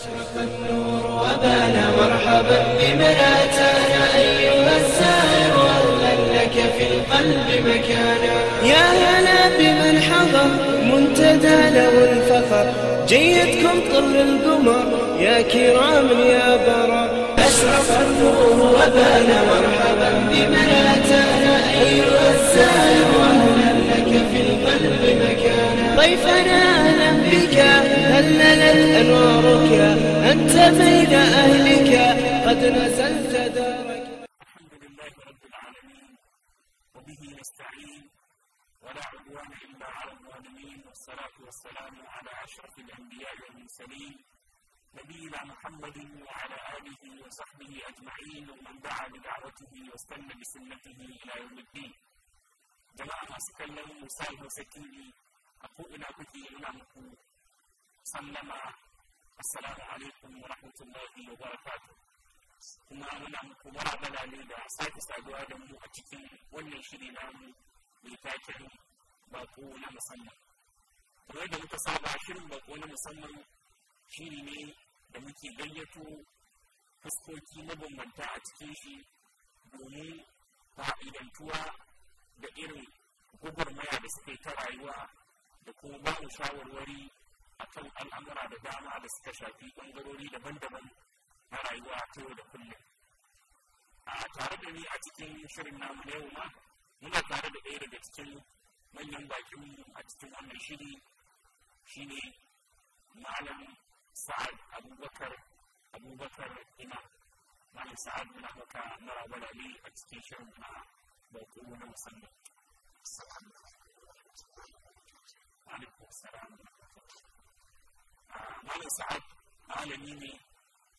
أشرق النور وبان مرحبا بمن أتانا أيها السائر أهلا لك في القلب مكانا يا هلا بمن حضر منتدى له الفخر جيدكم طر القمر يا كرام يا برا أشرق النور وبان مرحبا بمن أتانا أيها السائر ضيفنا أهلا بك هللت أنوارك أنت بين أهلك قد نزلت دارك الحمد لله رب العالمين وبه نستعين ولا عدوان إلا على الظالمين والصلاة والسلام على أشرف الأنبياء والمرسلين نبينا محمد وعلى آله وصحبه أجمعين ومن دعا بدعوته واستنى بسنته إلى يوم الدين. جماعة سكنه وسائل وسكيني a ko'ina kuke nuna muku sallama assalamu alaikum wa rahmatullahi wa barakatuh kuma muna muku marabala ne da sake saduwa da mu a cikin wannan shiri namu mai taken bako na musamman kamar da muka saba shirin bako na musamman shiri ne da muke gayyato fuskoki mabambanta a cikin shi domin fa'idantuwa da irin maya da suke ta rayuwa da kuma ba mu shawarwari a kan al'amura da dama da suka shafi ɓangarori daban-daban na rayuwa ta yau da kullum a tare da ni a cikin shirin namu na yau ma muna tare da ɗaya daga cikin manyan bakin a cikin wannan shiri shi ne malam sa'ad abubakar abubakar Ina. malam sa'ad muna maka maraba da a cikin shirin na bako na musamman والسلام Malam Sa'ad malami ne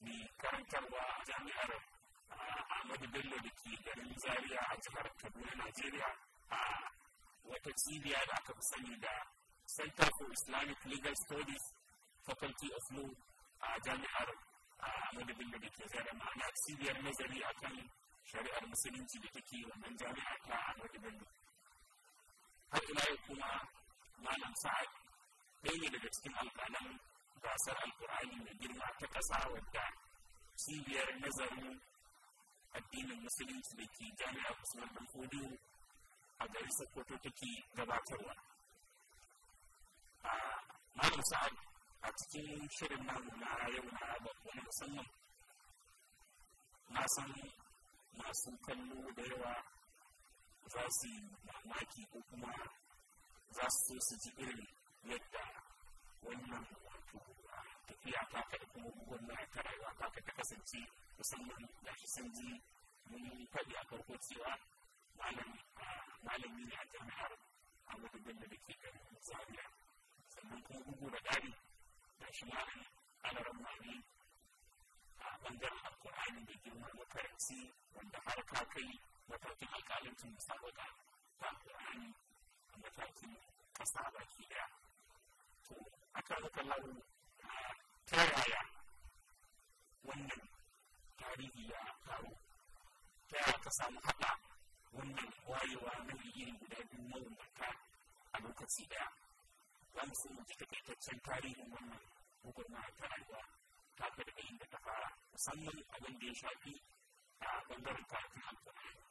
mai karantarwa a jami'ar Ahmadu Bello da ke garin Zaria a jihar Kaduna, Najeriya a wata cibiya da aka fi sani da Center for Islamic Legal Studies Faculty of Law a jami'ar Ahmadu Bello da ke Zaria ma'ana cibiyar nazari akan shari'ar musulunci da take wannan jami'a ta Ahmadu Bello. Har ila kuma malam sa'ad ɗaya ne daga cikin alƙalan gasar alƙur'ani mai girma ta ƙasa wadda cibiyar nazarin addinin musulunci da ke jami'ar usman dan kodiyo a garin sokoto take gabatarwa ah, malam sa'ad a cikin shirin namu na yau na wani musamman na san masu kallo da yawa za su yi mamaki ko kuma za su so su ji irin yadda wannan wato tafiya ta da kuma gwamna ta rayuwa ta ka ta kasance musamman da shi sun ji mun faɗi a farko cewa malami ne a jami'ar amadu bello da ke garin zaria sannan kuma bugu da ɗari da shi ma alaran mani a bangaren alkur'ani da girma makaranci wanda har ka kai matakin alƙalancin musamman mengetahui kesalahan kita. So, akan terlalu uh, teraya wundin dari dia tahu teraya kesalahan kita wundin wai wa nabi ini dan nabi mereka abu kesidia langsung jika kita cintari wundin bukan mereka ada tak berbeza kepada sama dengan dia syabi dan berkata kepada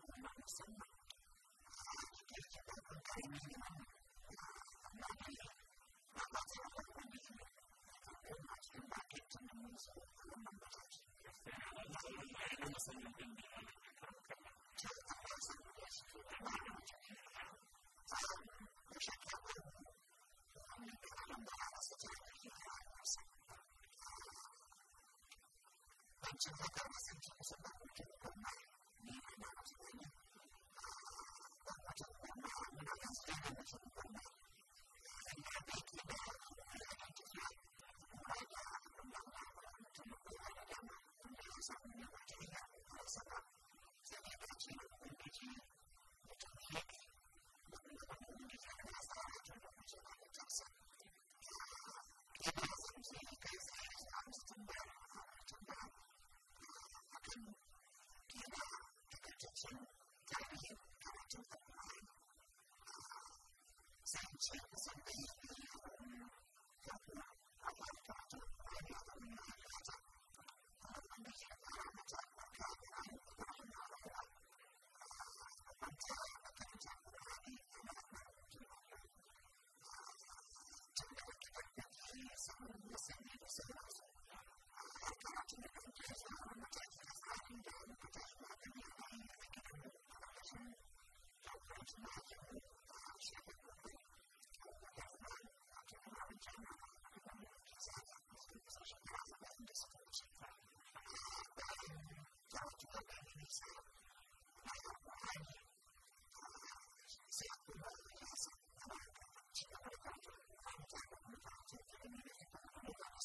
to look at us in terms of what we Thank you.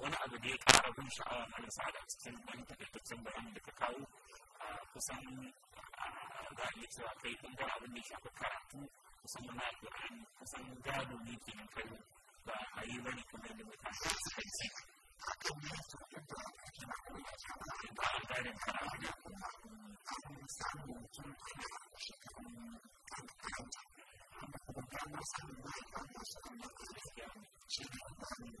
wani abu da ya kara bin sha'awa marasa da cikin ɗan takaitaccen bayan da ka kawo kusan za a iya cewa kai ɗan gara abin da ya shafi karatu kusan da ɗan kusan gado ne ke nan kai ba a yi wani kuma da mutum kasa su kai ce a kan yi su yadda ake na kuma ya shafi da ba a garin kara wani kuma an samu mutum kuma a shekarun kuma kuma ba na samun ma'aikata su kan yi a cikin shi ne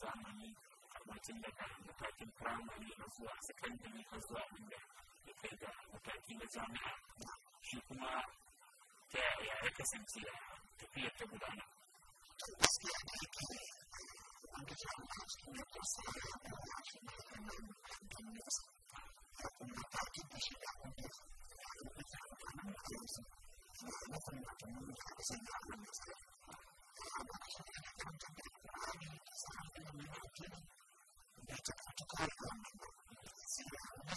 zamani kamacin daga matakin firamare na zuwa sakandare na zuwa inda ya kai ga mataki na jami'a shi kuma ta yaya ya kasance a tafiyar ta gudana. da you.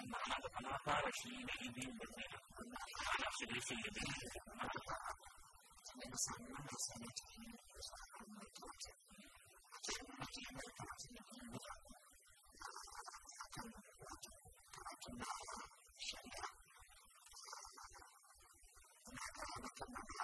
أما أحد فما قال حينئذ بالذي على خلاف الذي Thank you.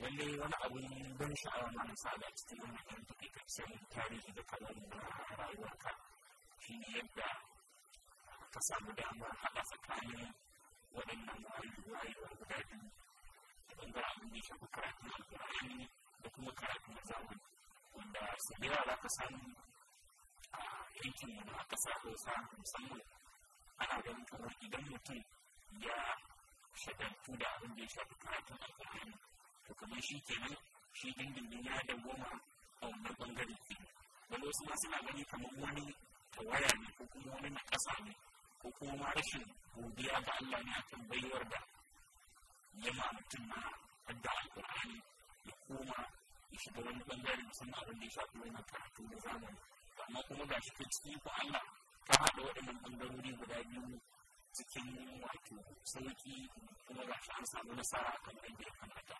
Really, wala away doon siya ang mga salat sa iyong naging tukitig sa carry the kalong na rayuwa kesan dan ada sekali dengan nama Ibrahim dan Ibrahim dan dalam dan ini betul kreatif zaman anda sedia ada kesan ini ada kesan kesan sama ada yang sedang tidak menjadi satu kreatif dan Ibrahim kerana si dunia dan bunga dan mengganti dan usaha ini kewayaan ini kukumu ini nak ko kuma ma rashin godiya ga Allah ne akan baiwar da yama mutum na hadda alƙur'ani ya koma ya shiga wani bangare musamman abin da ya shafi wannan karatu da zamani amma kuma ga shi cikin ko Allah ka haɗa waɗannan bangarori guda biyu cikin wato sauƙi kuma ga shi an samu nasara akan aiki ya kamata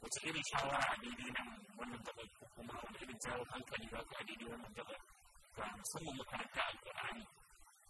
wace irin shawara a daidai nan wannan gabar ko kuma wani irin jawo hankali za ku a daidai wannan gabar ga musamman makaranta alƙur'ani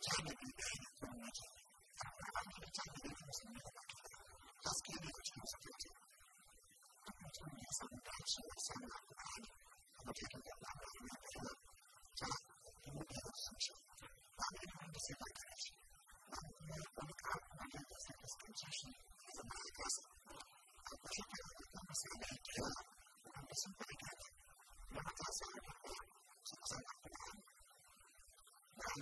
time of the day,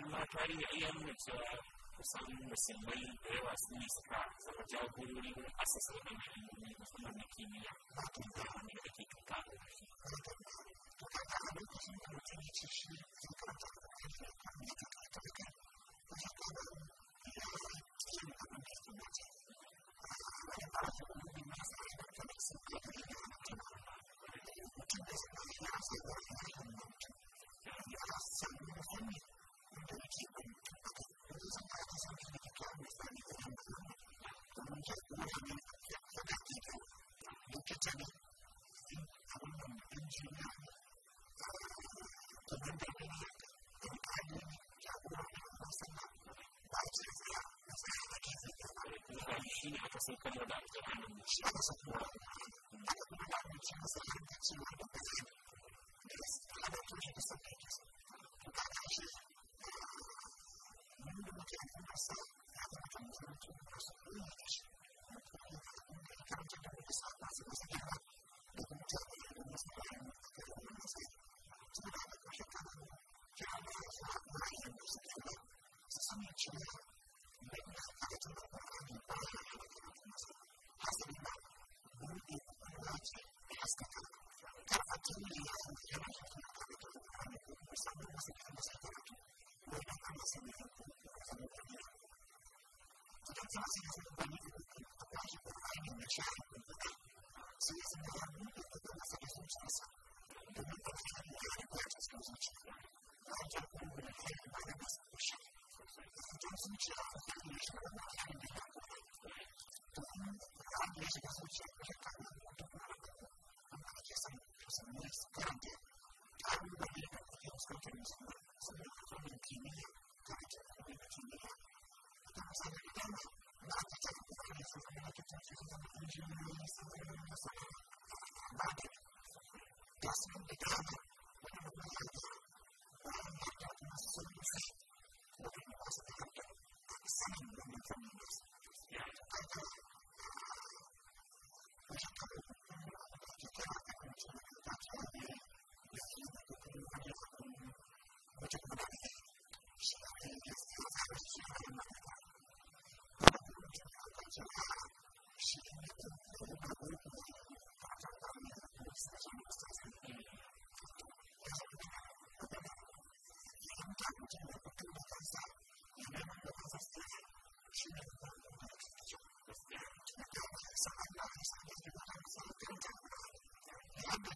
and my trading EM, which uh, some reason we there was the news of so the job I'm going to keep it going. shi ne aka sai kan wadda ake hannun shi aka sai kuma aka kuma da abinci masa Thank you. from the Ghana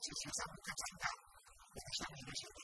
就经常在讲到我们下面那些。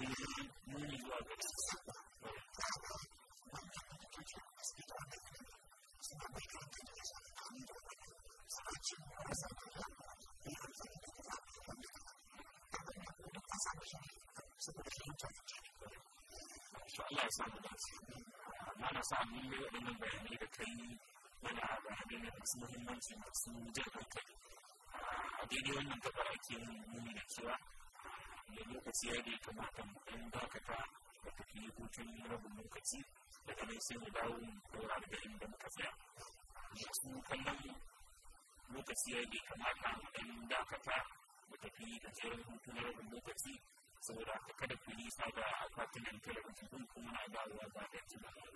na sa mun waɗannan bayanai da kai mana bayanai ne masu muhimmanci masu jan hankali ah, a daidai wannan ake yin nuni da cewa da ah, lokaci ya da kamata dakata da tafi rabin lokaci sai mu dawo mu muka tsaya kallon lokaci ya da kamata dakata mu tafi da jerin hutun rabin lokaci saboda haka kada ku nisa da akwatunan talabijin kuma na dawowa ba da tunanin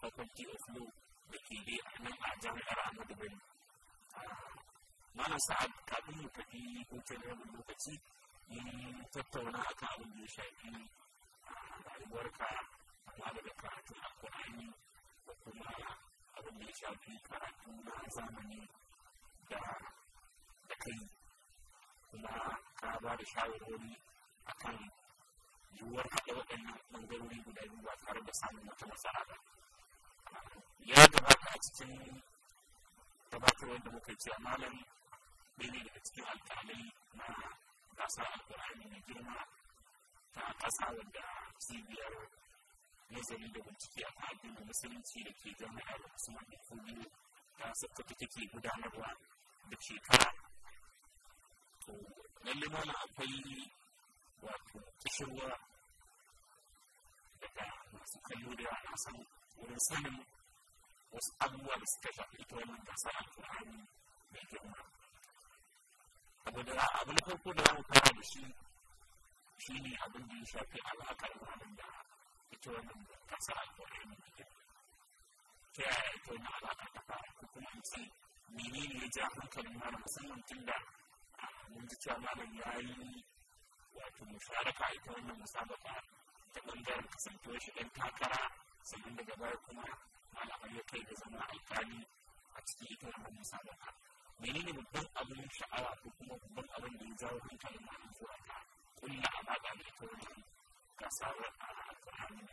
faculty of law da ke dai a nan a jami'ar Ahmadu Bello. Malam Sa'ad kafin mu tafi hutun rabin lokaci mun tattauna akan abin da ya shafi rayuwarka amma daga karatun alkur'ani da kuma abin da ya shafi karatu na zamani da da kai kuma ka ba da shawarwari akan yiwuwar haɗa waɗannan ɓangarori guda biyu ba tare da samun wata matsala ba. ya gabata a cikin gabatarwar da muka yi cewa malam ɗaya ne daga cikin alƙalai na gasar alƙur'ani mai girma ta ƙasa wadda cibiyar nazari da bincike a kan da musulunci da ke jami'ar usman bin ta sakkata take gudanarwa da shekara to lalle malam akwai wato kishirwa daga masu kallo da yana san wurin sanin wasu abubuwa da suka shafi ita wannan gasa alkur'ani mai girma abu da abu na farko da zamu fara da shi shi ne abin da ya shafi al'akar wannan da ita wannan gasa alkur'ani mai girma ta yaya ita wannan alaƙa ta fara ko kuma in ce menene ya ja hankalin malam musamman tun da mun ji cewa malam ya yi wato musharaka ita wannan musabaka ta ɓangaren kasantuwar shi ɗan takara sannan daga baya kuma malaman kai da zama alƙali a cikin ita wannan musabaka menene babban ka kulla a bada da a alƙur'ani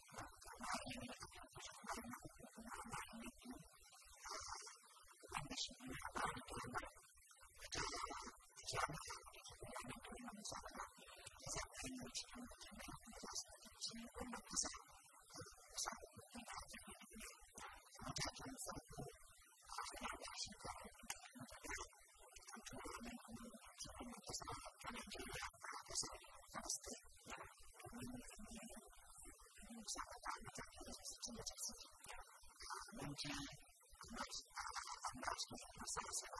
I'm not sure.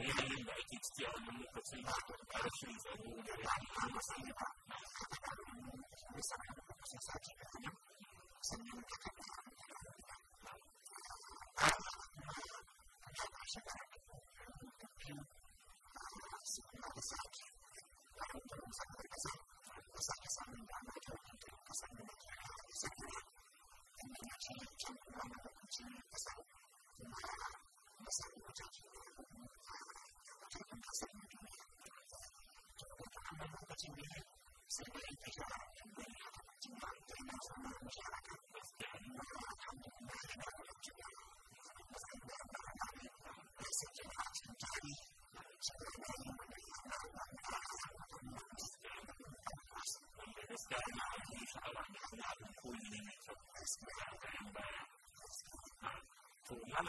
временем дойти к сделанному пациенту. Короче, из-за него я на самом деле не совсем сосачек, я сам не так Thank you. Another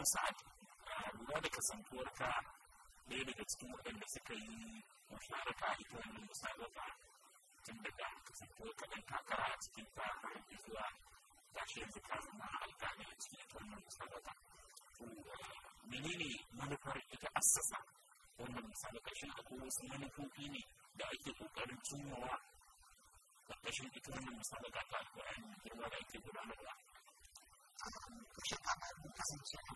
side, uh, we want to ɗaya daga cikin waɗanda suka yi musharaka a ita wannan musabaka tun daga kasanto kaɗan takara a cikin ta har zuwa gashi yanzu ka zama alƙali a cikin ita wannan musabaka. Eh, menene manufar ita assasa wannan musabaka shi akwai wasu manufofi ne da ake ƙoƙarin cimmawa ƙarƙashin ita wannan musabaka ta alƙur'ani girma da ake gudanarwa. Kashe kamar kasance a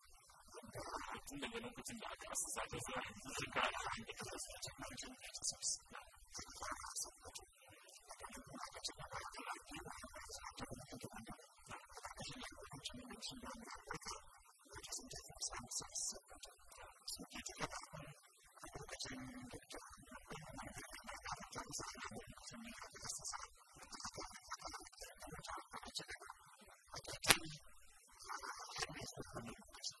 aslında demokratik arkası zaten radikal halinde kazanacak harcını yapacağız. Thank you.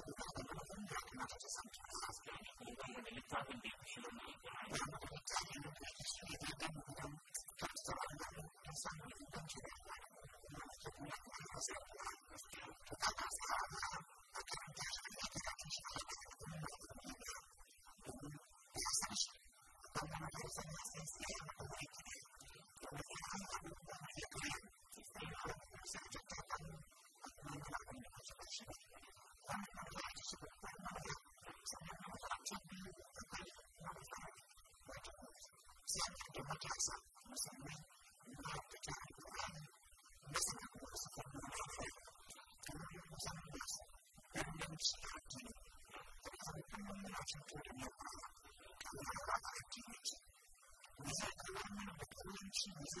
Thank you. し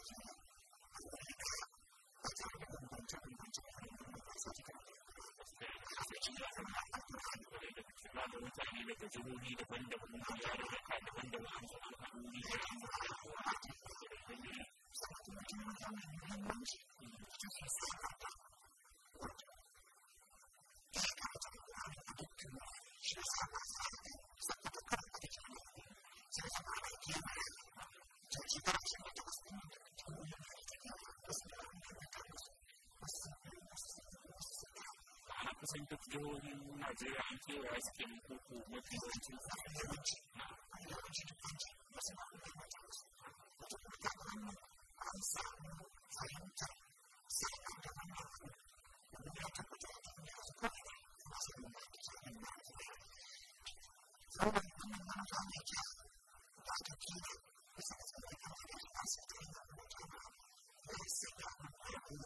我们在这里就是努力的奋斗，共同创造一个快乐、奋斗、安全、健康、和谐、幸福、安全、健康、和谐、幸福的社区。так сделали на варианте айским куку. Мы пишем. Thank you.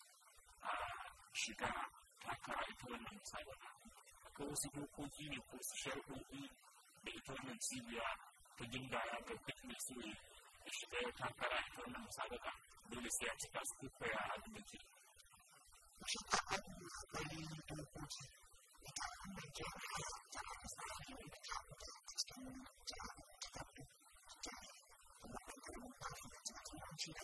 shiga takara ita wannan musamman akwai wasu dokoki ne ko su sharhohi da ita wannan cibiya ta gindaya ga kuma su ne da shiga ya takara ita wannan musamman dole sai a cika su kuka ya abin da ke shi ta hannun tsarin dokoki ita wannan jami'a ta hannun tsarin da ta fita a cikin jami'a ta fito ta kuma ɗaukar mutane da ta kuma ci da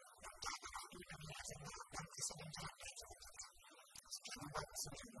Thank you.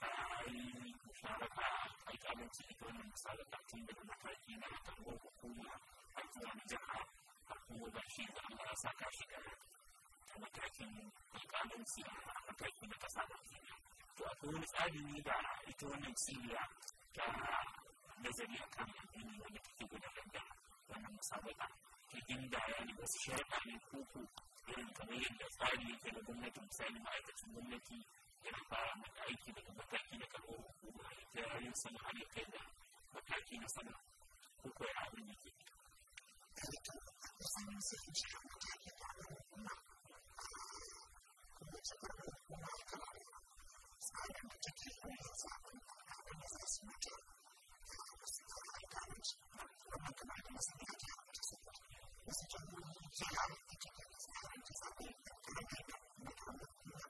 misali da ita wannan cibiya ta nazari a kan addini wanda take gudanar da wannan musabaka ta gindaya ne wasu sharaɗa ne koko irin kamar yadda tsari yake da gwamnati misali ma'aikacin gwamnati yana aiki daga mataki na kalmar hukuma ya rayu sana'a ya kai da mataki na sana'a ko kawai abin da ke Thank you.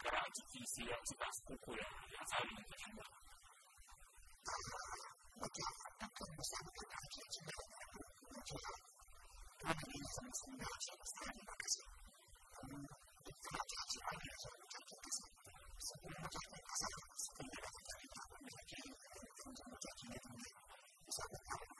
coraggio di sia ci va su quello che ha fatto in questo modo. Ma che ha fatto con questo coraggio ci va su quello che ha fatto in questo modo. Ma che ha fatto con questo coraggio ci va su quello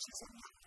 Jesus.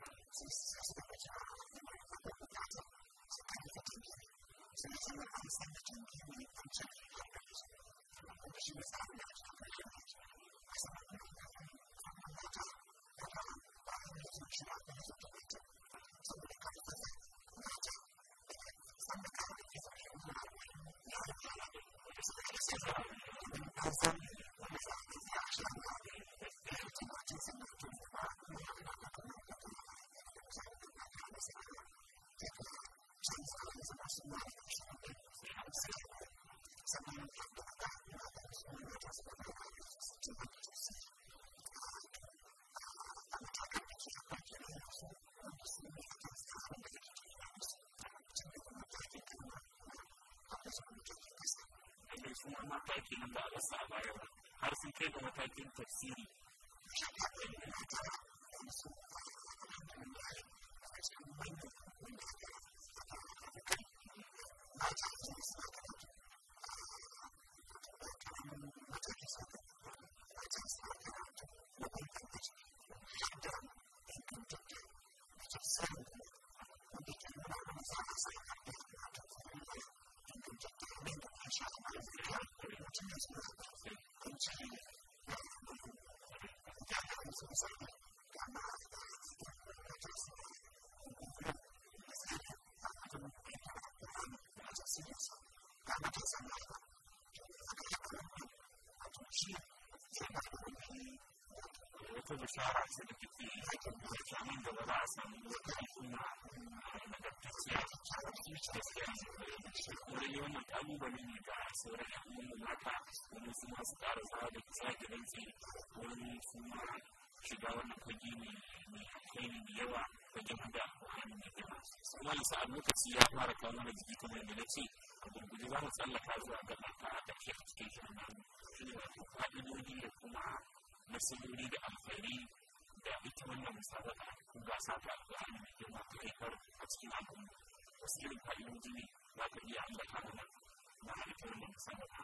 There's one we're taking on the other side of Ireland. House and Cable we sauran al'umma mata wani su masu ƙara zaɓa da kusa da rantsi wani kuma s i g a wannan fage ne mai alkhairi mai yawa fagen da wani mai yawa kuma yasa a lokaci ya fara k a w a mana jiki kamar yadda na ce a gurguje za mu tsallaka zuwa gaba ta ƙ a r a h e a k cikin shi nan shi ne wato w a i d o d i da kuma nasarori da alkhairi da ita wannan musabaka ko gasa ta alƙur'ani mai k i r m a ta h a i f a k a cikin a k u m m a wasu irin w a i d o d i ne za ka iya ambata mana na halittar wannan musabaka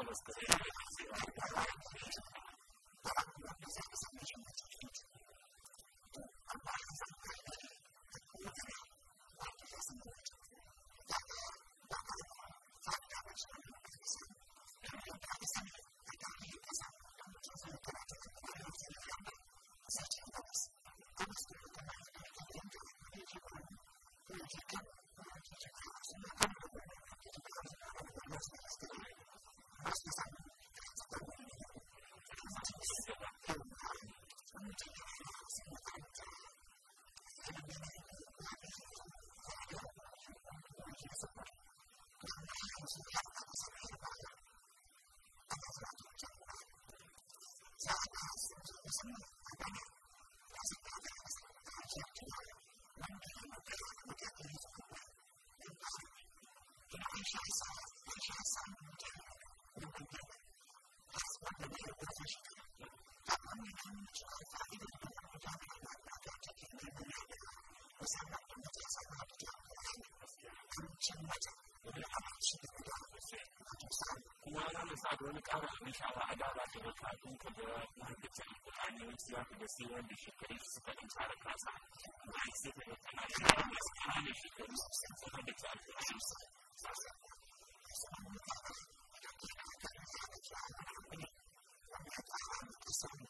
de los que se وأنا مساعد ونكارة إن شاء الله عدالة في مكان كل مهندسين manusi wakuruhusiwa nishikilie kwa mshahara kasa na siku ya kanisa na nishikilie kwa mshahara Thank you.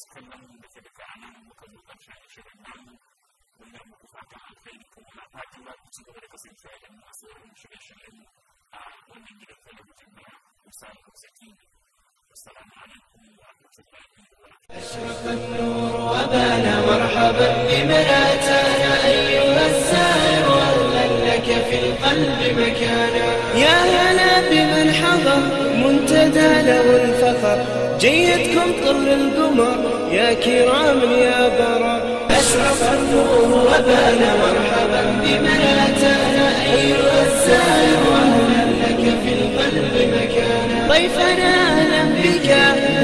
وسكنهم أشرق النور وبان مرحبا بمن أتانا أيها السائر أهلا لك في القلب مكانا يا هلا بمن حضر منتدى له الفخر جيدكم طر القمر يا كرام يا برا أشرق النور وبان مرحبا بمن أتانا أيها الزائر أهلا لك في القلب مكانا ضيفنا أهلا بك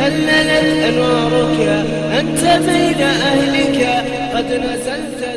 هللت أنوارك أنت بين أهلك قد نزلت